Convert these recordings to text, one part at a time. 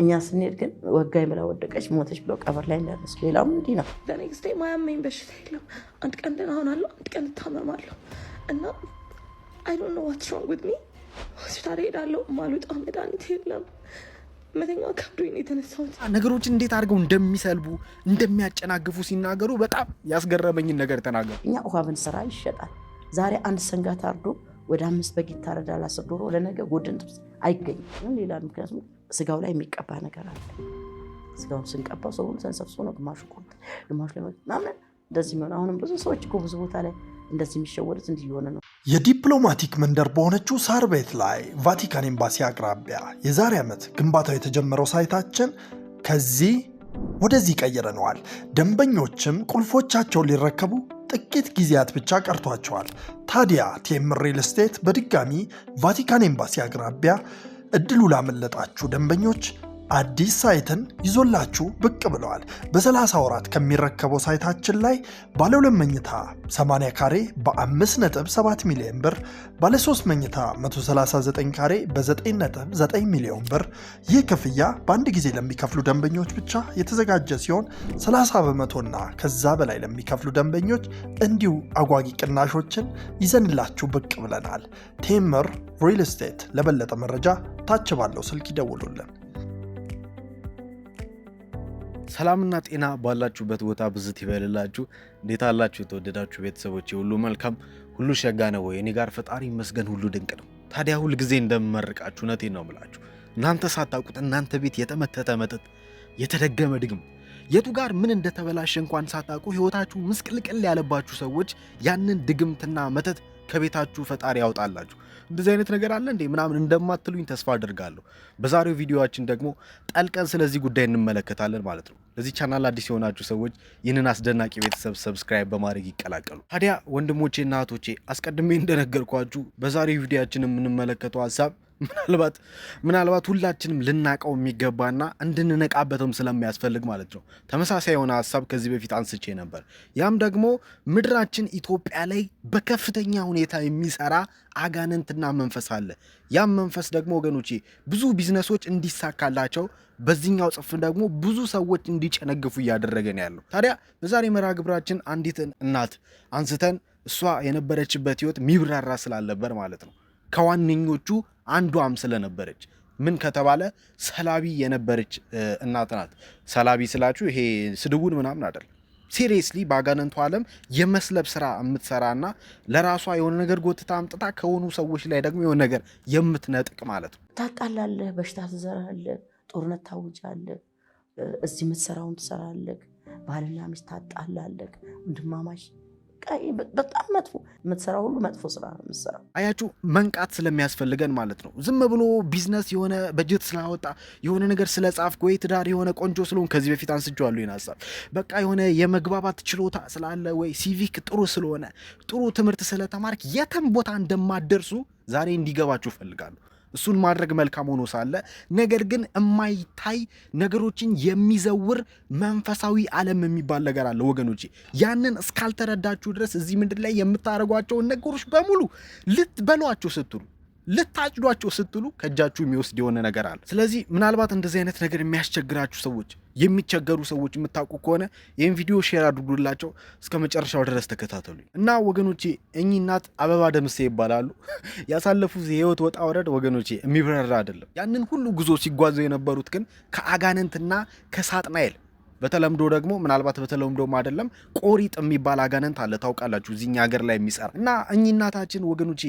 እኛ ስንሄድ ግን ወጋኝ ብላ ወደቀች፣ ሞተች ብለው ቀበር ላይ እንዳነሱ። ሌላም እንዲህ ነው። በኔክስቴ ማያመኝ በሽታ የለም። አንድ ቀን ደህና ሆናለሁ፣ አንድ ቀን እታመማለሁ እና አይ ዶንት ኖ ዋትስ ሮንግ ዊዝ ሚ። ሆስፒታል ሄዳለሁ፣ ማሉጣ መድኃኒት የለም። መተኛ ከብዶኝ ነው የተነሳሁት። ነገሮችን እንዴት አድርገው እንደሚሰልቡ እንደሚያጨናግፉ ሲናገሩ በጣም ያስገረመኝን ነገር ተናገሩ። እኛ ውሃ ብንሰራ ይሸጣል። ዛሬ አንድ ሰንጋት አርዶ ወደ አምስት በግ ይታረዳል። አስር ዶሮ ለነገ ጎድን ጥብስ አይገኝም። ሌላ ምክንያቱም ስጋው ላይ የሚቀባ ነገር አለ። ስጋውን ስንቀባው ሰውን ሰንሰብሶ ነው። ግማሹ ኮምት ግማሹ ላይ ምናምን እንደዚህ የሚሆን አሁንም ብዙ ሰዎች እኮ ብዙ ቦታ ላይ እንደዚህ የሚሸወዱት እንዲህ የሆነ ነው። የዲፕሎማቲክ መንደር በሆነችው ሳር ቤት ላይ ቫቲካን ኤምባሲ አቅራቢያ የዛሬ ዓመት ግንባታው የተጀመረው ሳይታችን ከዚህ ወደዚህ ቀይረነዋል። ደንበኞችም ቁልፎቻቸውን ሊረከቡ ጥቂት ጊዜያት ብቻ ቀርቷቸዋል። ታዲያ ቴምር ሪል ስቴት በድጋሚ ቫቲካን ኤምባሲ አቅራቢያ እድሉ ላመለጣችሁ ደንበኞች አዲስ ሳይትን ይዞላችሁ ብቅ ብለዋል። በ34 ከሚረከበው ሳይታችን ላይ ባለ ሁለት መኝታ 80 ካሬ በ5.7 ሚሊዮን ብር፣ ባለ 3 መኝታ 139 ካሬ በ9.9 ሚሊዮን ብር። ይህ ክፍያ በአንድ ጊዜ ለሚከፍሉ ደንበኞች ብቻ የተዘጋጀ ሲሆን 30 በመቶና ከዛ በላይ ለሚከፍሉ ደንበኞች እንዲሁ አጓጊ ቅናሾችን ይዘንላችሁ ብቅ ብለናል። ቴምር ሪል ስቴት። ለበለጠ መረጃ ታች ባለው ስልክ ይደውሉልን። ሰላምና ጤና ባላችሁበት ቦታ ብዝት ይበልላችሁ። እንዴት አላችሁ? የተወደዳችሁ ቤተሰቦች ሁሉ መልካም ሁሉ ሸጋ ነው ወይ? እኔ ጋር ፈጣሪ ይመስገን ሁሉ ድንቅ ነው። ታዲያ ሁል ጊዜ እንደምመርቃችሁ እውነቴን ነው የምላችሁ። እናንተ ሳታውቁት እናንተ ቤት የተመተተ መጠጥ፣ የተደገመ ድግም፣ የቱ ጋር ምን እንደተበላሸ እንኳን ሳታውቁ ህይወታችሁ ምስቅልቅል ያለባችሁ ሰዎች ያንን ድግምትና መተት ከቤታችሁ ፈጣሪ ያውጣላችሁ። እንደዚህ አይነት ነገር አለ እንዴ ምናምን እንደማትሉኝ ተስፋ አድርጋለሁ። በዛሬው ቪዲዮችን ደግሞ ጠልቀን ስለዚህ ጉዳይ እንመለከታለን ማለት ነው። ለዚህ ቻናል አዲስ የሆናችሁ ሰዎች ይህንን አስደናቂ ቤተሰብ ሰብስክራይብ በማድረግ ይቀላቀሉ። ታዲያ ወንድሞቼና እህቶቼ አስቀድሜ እንደነገርኳችሁ በዛሬው ቪዲዮችን የምንመለከተው ሀሳብ ምናልባት ምናልባት ሁላችንም ልናቀው የሚገባና እንድንነቃበትም ስለሚያስፈልግ ማለት ነው። ተመሳሳይ የሆነ ሀሳብ ከዚህ በፊት አንስቼ ነበር። ያም ደግሞ ምድራችን ኢትዮጵያ ላይ በከፍተኛ ሁኔታ የሚሰራ አጋንንትና መንፈስ አለ። ያም መንፈስ ደግሞ ወገኖቼ ብዙ ቢዝነሶች እንዲሳካላቸው በዚህኛው ጽፍን ደግሞ ብዙ ሰዎች እንዲጨነግፉ እያደረገን ያለው። ታዲያ በዛሬ መርሃ ግብራችን አንዲት እናት አንስተን እሷ የነበረችበት ህይወት ሚብራራ ስላልነበር ማለት ነው ከዋነኞቹ አንዷም ስለነበረች ምን ከተባለ ሰላቢ የነበረች እናት ናት። ሰላቢ ስላችሁ ይሄ ስድቡን ምናምን አይደል። ሲሪየስሊ በአጋንንቱ ዓለም የመስለብ ስራ የምትሰራና ለራሷ የሆነ ነገር ጎትታ አምጥታ ከሆኑ ሰዎች ላይ ደግሞ የሆነ ነገር የምትነጥቅ ማለት ነው። ታቃላለህ፣ በሽታ ትዘራለህ፣ ጦርነት ታውጃለህ፣ እዚህ የምትሰራውን ትሰራለህ፣ ባልና ሚስት ታጣላለህ፣ ወንድማማች በጣም መጥፎ የምትሰራ ሁሉ መጥፎ ስራ ነው የምትሰራው። አያችሁ መንቃት ስለሚያስፈልገን ማለት ነው። ዝም ብሎ ቢዝነስ የሆነ በጀት ስላወጣ የሆነ ነገር ስለጻፍክ ወይ ትዳር የሆነ ቆንጆ ስለሆን ከዚህ በፊት አንስቼዋለሁ ይህን ሀሳብ በቃ የሆነ የመግባባት ችሎታ ስላለ ወይ ሲቪክ ጥሩ ስለሆነ ጥሩ ትምህርት ስለተማርክ የትም ቦታ እንደማደርሱ ዛሬ እንዲገባችሁ እፈልጋለሁ። እሱን ማድረግ መልካም ሆኖ ሳለ ነገር ግን የማይታይ ነገሮችን የሚዘውር መንፈሳዊ ዓለም የሚባል ነገር አለ ወገኖች ያንን እስካልተረዳችሁ ድረስ እዚህ ምድር ላይ የምታደርጓቸውን ነገሮች በሙሉ ልትበሏቸው ስትሉ ልታጭዷቸው ስትሉ ከእጃችሁ የሚወስድ የሆነ ነገር አለ። ስለዚህ ምናልባት እንደዚህ አይነት ነገር የሚያስቸግራችሁ ሰዎች፣ የሚቸገሩ ሰዎች የምታውቁ ከሆነ ይህን ቪዲዮ ሼር አድርጉላቸው። እስከ መጨረሻው ድረስ ተከታተሉ እና ወገኖቼ፣ እኚህ እናት አበባ ደምሴ ይባላሉ። ያሳለፉት የህይወት ወጣ ወረድ ወገኖቼ የሚብረራ አይደለም። ያንን ሁሉ ጉዞ ሲጓዙ የነበሩት ግን ከአጋንንትና ከሳጥናኤል በተለምዶ ደግሞ ምናልባት በተለምዶም አይደለም ቆሪጥ የሚባል አጋነንት አለ ታውቃላችሁ፣ እዚኛ ሀገር ላይ የሚሰራ እና እኚህ እናታችን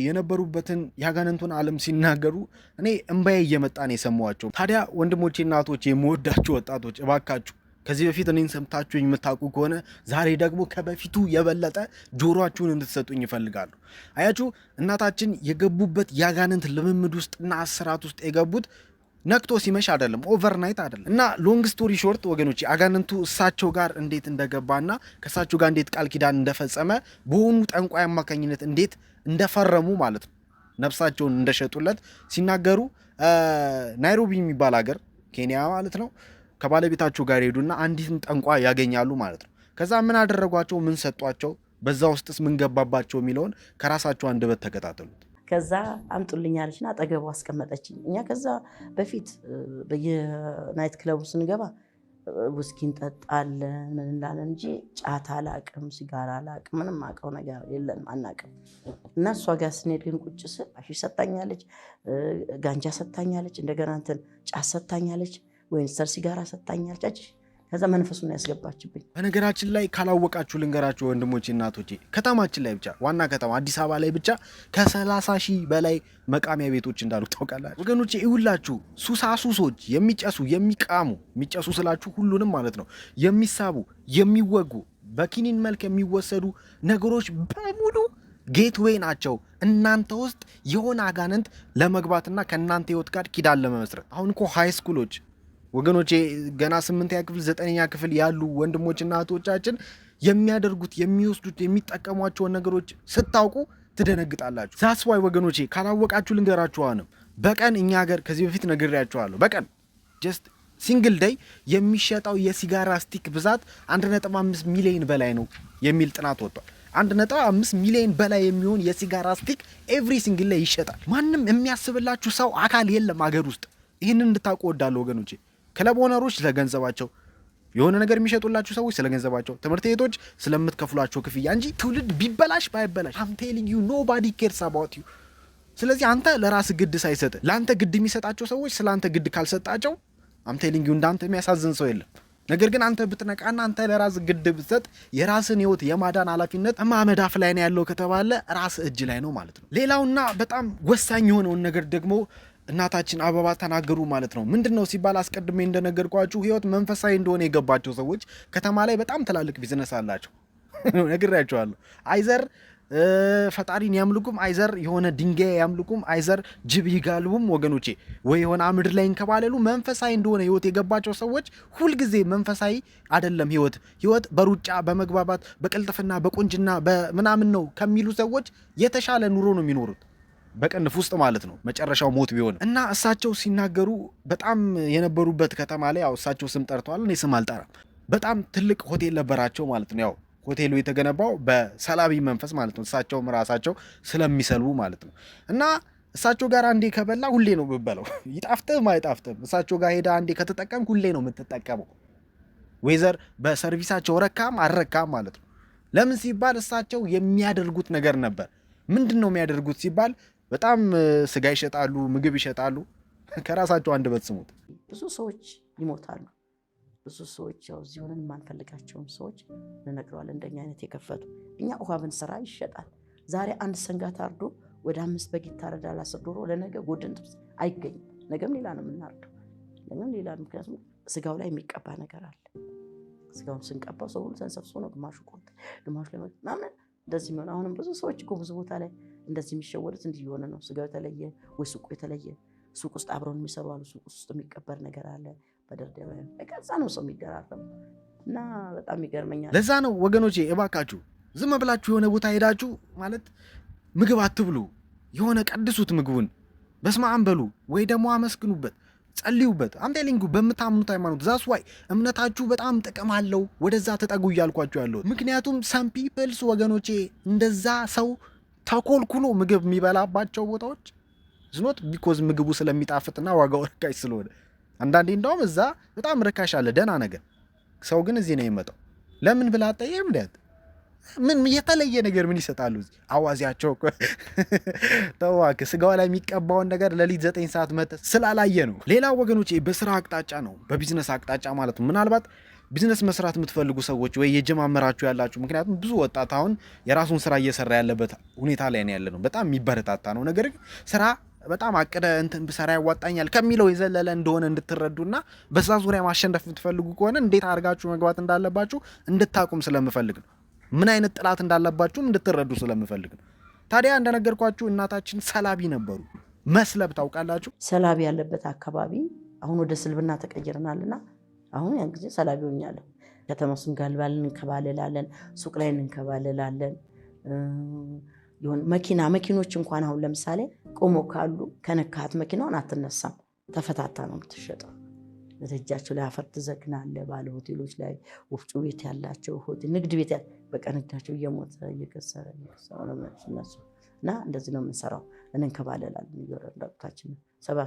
የነበሩበትን የአጋነንቱን ዓለም ሲናገሩ እኔ እምባዬ እየመጣ ነው የሰማኋቸው። ታዲያ ወንድሞቼ፣ እናቶች፣ የምወዳችሁ ወጣቶች እባካችሁ ከዚህ በፊት እኔን ሰምታችሁ የምታውቁ ከሆነ ዛሬ ደግሞ ከበፊቱ የበለጠ ጆሮአችሁን እንድትሰጡኝ ይፈልጋሉ። አያችሁ እናታችን የገቡበት የአጋንንት ልምምድ ውስጥና አስራት ውስጥ የገቡት ነክቶ ሲመሽ አይደለም፣ ኦቨርናይት አይደለም። እና ሎንግ ስቶሪ ሾርት ወገኖች አጋንንቱ እሳቸው ጋር እንዴት እንደገባና ከእሳቸው ጋር እንዴት ቃል ኪዳን እንደፈጸመ በሆኑ ጠንቋይ አማካኝነት እንዴት እንደፈረሙ ማለት ነው ነፍሳቸውን እንደሸጡለት ሲናገሩ ናይሮቢ የሚባል ሀገር ኬንያ ማለት ነው ከባለቤታቸው ጋር ሄዱና አንዲትን ጠንቋ ያገኛሉ ማለት ነው። ከዛ ምን አደረጓቸው? ምን ሰጧቸው? በዛ ውስጥስ ምን ገባባቸው የሚለውን ከራሳቸው አንደበት ተከታተሉት። ከዛ አምጡልኝ አለችና አጠገቡ አስቀመጠችኝ። እኛ ከዛ በፊት በየናይት ክለቡ ስንገባ ውስኪ እንጠጣለን ምን እንላለን እንጂ ጫት አላቅም፣ ሲጋራ አላቅም፣ ምንም አውቀው ነገር የለንም አናቅም። እና እሷ ጋር ስንሄድ ግን ቁጭ ስል አሺሽ ሰታኛለች፣ ጋንጃ ሰታኛለች፣ እንደገና እንትን ጫት ሰታኛለች፣ ወይንስተር ሲጋራ ሰታኛለች። ከዛ መንፈሱን ያስገባችብኝ። በነገራችን ላይ ካላወቃችሁ ልንገራችሁ ወንድሞቼ እናቶቼ፣ ከተማችን ላይ ብቻ ዋና ከተማ አዲስ አበባ ላይ ብቻ ከሰላሳ ሺህ በላይ መቃሚያ ቤቶች እንዳሉ ታውቃላችሁ ወገኖቼ። ይውላችሁ ሱሳሱሶች የሚጨሱ የሚቃሙ የሚጨሱ ስላችሁ ሁሉንም ማለት ነው የሚሳቡ የሚወጉ በኪኒን መልክ የሚወሰዱ ነገሮች በሙሉ ጌትዌይ ናቸው። እናንተ ውስጥ የሆነ አጋንንት ለመግባትና ከእናንተ ህይወት ጋር ኪዳን ለመመስረት። አሁን እኮ ስኩሎች ወገኖቼ ገና ስምንተኛ ክፍል ዘጠነኛ ክፍል ያሉ ወንድሞችና እህቶቻችን የሚያደርጉት የሚወስዱት የሚጠቀሟቸውን ነገሮች ስታውቁ ትደነግጣላችሁ። ዛስዋይ ወገኖቼ ካላወቃችሁ ልንገራችሁ። በቀን እኛ ሀገር ከዚህ በፊት ነግሬያችኋለሁ። በቀን ጀስት ሲንግል ደይ የሚሸጠው የሲጋራ ስቲክ ብዛት 1.5 ሚሊዮን በላይ ነው የሚል ጥናት ወጥቷል። 1.5 ሚሊዮን በላይ የሚሆን የሲጋራ ስቲክ ኤቭሪ ሲንግል ላይ ይሸጣል። ማንም የሚያስብላችሁ ሰው አካል የለም አገር ውስጥ። ይህንን እንድታውቁ ወዳለሁ ወገኖቼ። ክለብ ኦነሮች ስለገንዘባቸው የሆነ ነገር የሚሸጡላችሁ ሰዎች ስለገንዘባቸው ትምህርት ቤቶች ስለምትከፍሏቸው ክፍያ እንጂ ትውልድ ቢበላሽ ባይበላሽ አም ቴሊንግ ዩ ኖባዲ ኬርስ አባውት ዩ። ስለዚህ አንተ ለራስ ግድ ሳይሰጥ ለአንተ ግድ የሚሰጣቸው ሰዎች ስለ አንተ ግድ ካልሰጣቸው አም ቴሊንግ ዩ እንዳንተ የሚያሳዝን ሰው የለም። ነገር ግን አንተ ብትነቃና አንተ ለራስ ግድ ብትሰጥ የራስን ህይወት የማዳን ኃላፊነት ማመዳፍ ላይ ነው ያለው ከተባለ ራስ እጅ ላይ ነው ማለት ነው። ሌላውና በጣም ወሳኝ የሆነውን ነገር ደግሞ እናታችን አበባ ተናገሩ ማለት ነው። ምንድን ነው ሲባል አስቀድሜ እንደነገርኳችሁ ህይወት መንፈሳዊ እንደሆነ የገባቸው ሰዎች ከተማ ላይ በጣም ትላልቅ ቢዝነስ አላቸው። ነግሬያቸዋለሁ። አይዘር ፈጣሪን ያምልኩም፣ አይዘር የሆነ ድንጋይ ያምልኩም፣ አይዘር ጅብ ይጋልቡም ወገኖቼ፣ ወይ የሆነ አምድር ላይ እንከባለሉ መንፈሳዊ እንደሆነ ህይወት የገባቸው ሰዎች ሁልጊዜ መንፈሳዊ አይደለም ህይወት ህይወት በሩጫ በመግባባት በቅልጥፍና በቁንጅና በምናምን ነው ከሚሉ ሰዎች የተሻለ ኑሮ ነው የሚኖሩት። በቅንፍ ውስጥ ማለት ነው መጨረሻው ሞት ቢሆንም እና እሳቸው ሲናገሩ በጣም የነበሩበት ከተማ ላይ ያው እሳቸው ስም ጠርተዋል፣ እኔ ስም አልጠራም። በጣም ትልቅ ሆቴል ነበራቸው ማለት ነው። ያው ሆቴሉ የተገነባው በሰላቢ መንፈስ ማለት ነው፣ እሳቸውም ራሳቸው ስለሚሰልቡ ማለት ነው እና እሳቸው ጋር አንዴ ከበላ ሁሌ ነው የምበለው፣ ይጣፍጥም አይጣፍጥም። እሳቸው ጋር ሄዳ አንዴ ከተጠቀም ሁሌ ነው የምትጠቀመው፣ ወይዘር በሰርቪሳቸው ረካም አልረካም ማለት ነው። ለምን ሲባል እሳቸው የሚያደርጉት ነገር ነበር። ምንድን ነው የሚያደርጉት ሲባል በጣም ስጋ ይሸጣሉ፣ ምግብ ይሸጣሉ። ከራሳቸው አንድ በትስሙት ብዙ ሰዎች ይሞታሉ። ብዙ ሰዎች ያው እዚሁንን የማንፈልጋቸውም ሰዎች እንነግረዋለን። እንደኛ አይነት የከፈቱ እኛ ውሃ ብንሰራ ይሸጣል። ዛሬ አንድ ሰንጋት አርዶ ወደ አምስት በግ ይታረዳል። አስር ዶሮ ለነገ ጎድን ጥብስ አይገኝም። ነገም ሌላ ነው የምናርደው፣ ነገም ሌላ። ምክንያቱም ስጋው ላይ የሚቀባ ነገር አለ። ስጋውን ስንቀባው ሰው ሁሉ ተንሰብስቦ ነው፣ ግማሹ ቆጥ፣ ግማሹ ለመ ምናምን እንደዚህ የሚሆን አሁንም ብዙ ሰዎች ብዙ ቦታ ላይ እንደዚህ የሚሸወዱት እንዲህ የሆነ ነው። ስጋው የተለየ ወይ ሱቁ የተለየ ሱቅ ውስጥ አብረውን የሚሰሩ አሉ። ሱቅ ውስጥ የሚቀበር ነገር አለ። በደርደበ ቀዛ ነው ሰው የሚደራረም እና በጣም ይገርመኛል። ለዛ ነው ወገኖቼ እባካችሁ ዝም ብላችሁ የሆነ ቦታ ሄዳችሁ ማለት ምግብ አትብሉ። የሆነ ቀድሱት ምግቡን በስመ አብ በሉ ወይ ደግሞ አመስግኑበት፣ ጸልዩበት። አምቴሊንጉ በምታምኑት ሃይማኖት ዛስ ዋይ እምነታችሁ በጣም ጥቅም አለው። ወደዛ ተጠጉ እያልኳችሁ ያለሁት ምክንያቱም ሰም ፒፕልስ ወገኖቼ እንደዛ ሰው ተኮልኩሎ ምግብ የሚበላባቸው ቦታዎች ዝኖት ቢኮዝ ምግቡ ስለሚጣፍጥና ዋጋው ርካሽ ስለሆነ አንዳንዴ እንደውም እዛ በጣም ርካሽ አለ ደህና ነገር። ሰው ግን እዚህ ነው የመጣው። ለምን ብላ አጠየም ምን የተለየ ነገር ምን ይሰጣሉ? አዋዚያቸው ተዋክ ስጋው ላይ የሚቀባውን ነገር ለሊት ዘጠኝ ሰዓት መጠ ስላላየ ነው። ሌላ ወገኖች በስራ አቅጣጫ ነው፣ በቢዝነስ አቅጣጫ ማለት ነው ምናልባት ቢዝነስ መስራት የምትፈልጉ ሰዎች ወይ የጀማመራችሁ ያላችሁ፣ ምክንያቱም ብዙ ወጣት አሁን የራሱን ስራ እየሰራ ያለበት ሁኔታ ላይ ነው ያለ ነው። በጣም የሚበረታታ ነው። ነገር ግን ስራ በጣም አቅደ እንትን ብሰራ ያዋጣኛል ከሚለው የዘለለ እንደሆነ እንድትረዱና በዛ ዙሪያ ማሸነፍ የምትፈልጉ ከሆነ እንዴት አድርጋችሁ መግባት እንዳለባችሁ እንድታቁም ስለምፈልግ ነው። ምን አይነት ጥላት እንዳለባችሁም እንድትረዱ ስለምፈልግ ነው። ታዲያ እንደነገርኳችሁ እናታችን ሰላቢ ነበሩ። መስለብ ታውቃላችሁ። ሰላቢ ያለበት አካባቢ አሁን ወደ ስልብና ተቀይረናልና አሁን ያን ጊዜ ሰላቢ ሆኛለሁ። ከተማ ውስጥ እንጋልባለን፣ እንከባለላለን፣ ሱቅ ላይ እንከባለላለን። መኪና መኪኖች እንኳን አሁን ለምሳሌ ቆሞ ካሉ ከነካት መኪናውን አትነሳም፣ ተፈታታ ነው የምትሸጠው። በተጃቸው ላይ አፈር ትዘግናለ። ባለ ሆቴሎች ላይ ወፍጮ ቤት ያላቸው ንግድ ቤት በቃ ንግዳቸው እየሞተ እየከሰረ እና እንደዚህ ነው የምንሰራው። እንንከባለላለን እየወረዳታችን ነው።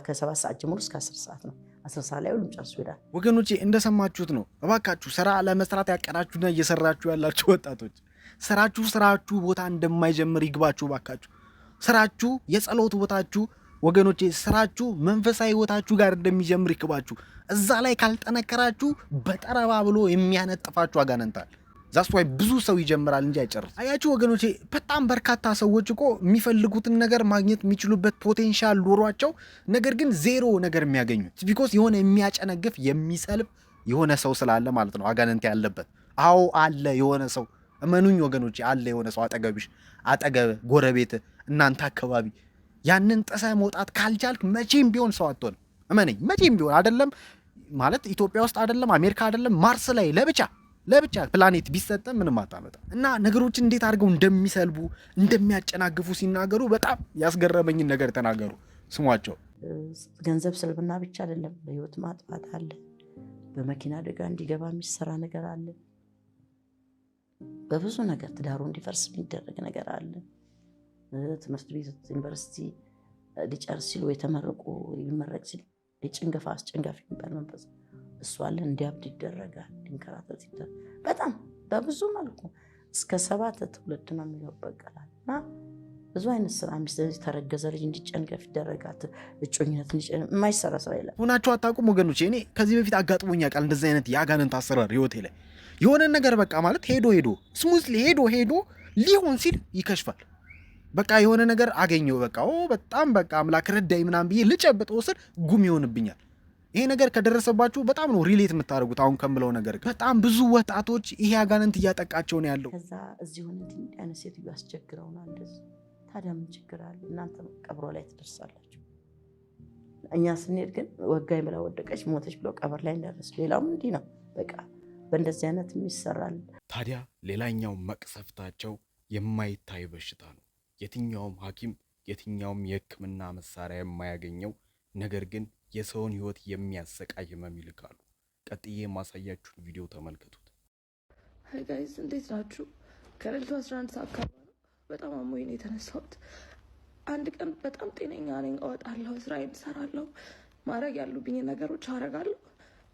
ከሰባት ሰዓት ጀምሮ እስከ አስር ሰዓት ነው። አስር ሰዓት ላይ ሁሉም ጨርሶ ይሄዳል። ወገኖቼ እንደሰማችሁት ነው። እባካችሁ ስራ ለመስራት ያቀዳችሁና እየሰራችሁ ያላችሁ ወጣቶች ስራችሁ ስራችሁ ቦታ እንደማይጀምር ይግባችሁ። እባካችሁ ስራችሁ የጸሎት ቦታችሁ ወገኖቼ ስራችሁ መንፈሳዊ ህይወታችሁ ጋር እንደሚጀምር ይክባችሁ። እዛ ላይ ካልጠነከራችሁ በጠረባ ብሎ የሚያነጥፋችሁ አጋንንታል ዛስ ዋይ ብዙ ሰው ይጀምራል እንጂ አይጨርስ። አያችሁ ወገኖቼ፣ በጣም በርካታ ሰዎች እኮ የሚፈልጉትን ነገር ማግኘት የሚችሉበት ፖቴንሻል ኖሯቸው ነገር ግን ዜሮ ነገር የሚያገኙት ቢኮስ የሆነ የሚያጨነግፍ የሚሰልብ የሆነ ሰው ስላለ ማለት ነው። አጋንንት ያለበት አዎ፣ አለ የሆነ ሰው እመኑኝ ወገኖች፣ አለ የሆነ ሰው አጠገብሽ፣ አጠገብ፣ ጎረቤት፣ እናንተ አካባቢ። ያንን ጥሰህ መውጣት ካልቻልክ መቼም ቢሆን ሰው አትሆንም። እመነኝ፣ መቼም ቢሆን አይደለም ማለት ኢትዮጵያ ውስጥ አይደለም አሜሪካ አይደለም ማርስ ላይ ለብቻ ለብቻ ፕላኔት ቢሰጠ ምንም አታመጣም። እና ነገሮችን እንዴት አድርገው እንደሚሰልቡ እንደሚያጨናግፉ ሲናገሩ በጣም ያስገረመኝን ነገር ተናገሩ። ስሟቸው ገንዘብ ስልብና ብቻ አይደለም፣ በህይወት ማጥፋት አለ፣ በመኪና አደጋ እንዲገባ የሚሰራ ነገር አለ፣ በብዙ ነገር ትዳሩ እንዲፈርስ የሚደረግ ነገር አለ። ትምህርት ቤት ዩኒቨርሲቲ ሊጨርስ ሲሉ የተመረቁ ሊመረቅ ሲሉ የጭንገፋ አስጨንጋፊ የሚባል መንፈስ እሷን እንዲያብድ ይደረጋል፣ እንዲንከራተት ይደረጋል። በጣም በብዙ መልኩ እስከ ሰባት ትውልድ ነው የሚበቀላል እና ብዙ አይነት ስራ ተረገዘ ልጅ እንዲጨንገፍ ይደረጋት እጮኝነት የማይሰራ ስራ ይላል ሆናቸው አታውቁም ወገኖች። እኔ ከዚህ በፊት አጋጥሞኝ ያውቃል እንደዚህ አይነት የአጋንንት አሰራር ህይወቴ ላይ የሆነን ነገር በቃ ማለት ሄዶ ሄዶ ስሙዝ ሄዶ ሄዶ ሊሆን ሲል ይከሽፋል። በቃ የሆነ ነገር አገኘው በቃ በጣም በቃ አምላክ ረዳይ ምናምን ብዬ ልጨብጥ ወስድ ጉም ይሆንብኛል። ይሄ ነገር ከደረሰባችሁ በጣም ነው ሪሌት የምታደርጉት። አሁን ከምለው ነገር በጣም ብዙ ወጣቶች ይሄ አጋንንት እያጠቃቸው ነው ያለው። ከዛ እዚሁን ሴትዮ አስቸግረው ነው እንደዚ። ታዲያ ምን ችግር አለ? እናንተ ቀብሮ ላይ ትደርሳላችሁ። እኛ ስንሄድ ግን ወጋኝ ብላ ወደቀች ሞተች ብሎ ቀብር ላይ እንዳደረስ። ሌላውም እንዲህ ነው በቃ በእንደዚህ አይነት ይሰራል። ታዲያ ሌላኛው መቅሰፍታቸው የማይታይ በሽታ ነው። የትኛውም ሐኪም የትኛውም የሕክምና መሳሪያ የማያገኘው ነገር ግን የሰውን ህይወት የሚያሰቃይ ህመም ይልካሉ። ቀጥዬ የማሳያችሁን ቪዲዮ ተመልከቱት። ሀይ ጋይስ እንዴት ናችሁ? ከሌሊቱ 11 ሰዓት አካባቢ ነው። በጣም አሞኝ ነው የተነሳሁት። አንድ ቀን በጣም ጤነኛ ነኝ፣ እወጣለሁ፣ ስራዬን እሰራለሁ፣ ማድረግ ያሉብኝ ነገሮች አረጋለሁ።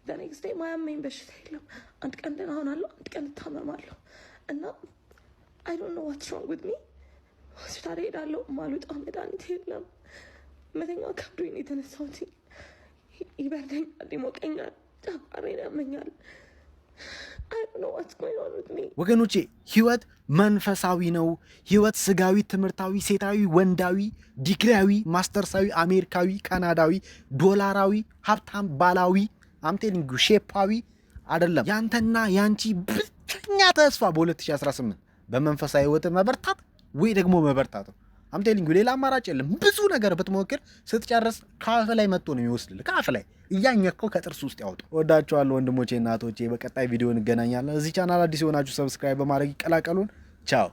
በኔክስት ዴይ ማያመኝ በሽታ የለም። አንድ ቀን ደህና ሆናለሁ፣ አንድ ቀን እታመማለሁ እና አይ ዶንት ኖ ዋትስ ሮንግ ዊዝ ሚ ሆስፒታል እሄዳለሁ፣ ማልወጣው መድኃኒት የለም። መተኛ ከብዶኝ ነው የተነሳሁት። ይበርደኛል፣ ይሞቀኛል፣ ጨፋሬን ያመኛል። ወገኖቼ ህይወት መንፈሳዊ ነው። ህይወት ስጋዊ፣ ትምህርታዊ፣ ሴታዊ፣ ወንዳዊ፣ ዲግሪያዊ፣ ማስተርሳዊ፣ አሜሪካዊ፣ ካናዳዊ፣ ዶላራዊ፣ ሀብታም፣ ባላዊ አምቴሊንጉ ሼፓዊ አይደለም። ያንተና ያንቺ ብቸኛ ተስፋ በ2018 በመንፈሳዊ ህይወት መበርታት ወይ ደግሞ መበርታት ነው። አምቴሊንግ ሌላ አማራጭ የለም። ብዙ ነገር ብትሞክር ስትጨርስ ካፍ ላይ መጥቶ ነው የሚወስድል። ካፍ ላይ እያኘከው ከጥርስ ውስጥ ያወጡ። ወዳችኋለሁ ወንድሞቼ እናቶቼ፣ በቀጣይ ቪዲዮ እንገናኛለን። እዚህ ቻናል አዲስ የሆናችሁ ሰብስክራይብ በማድረግ ይቀላቀሉን። ቻው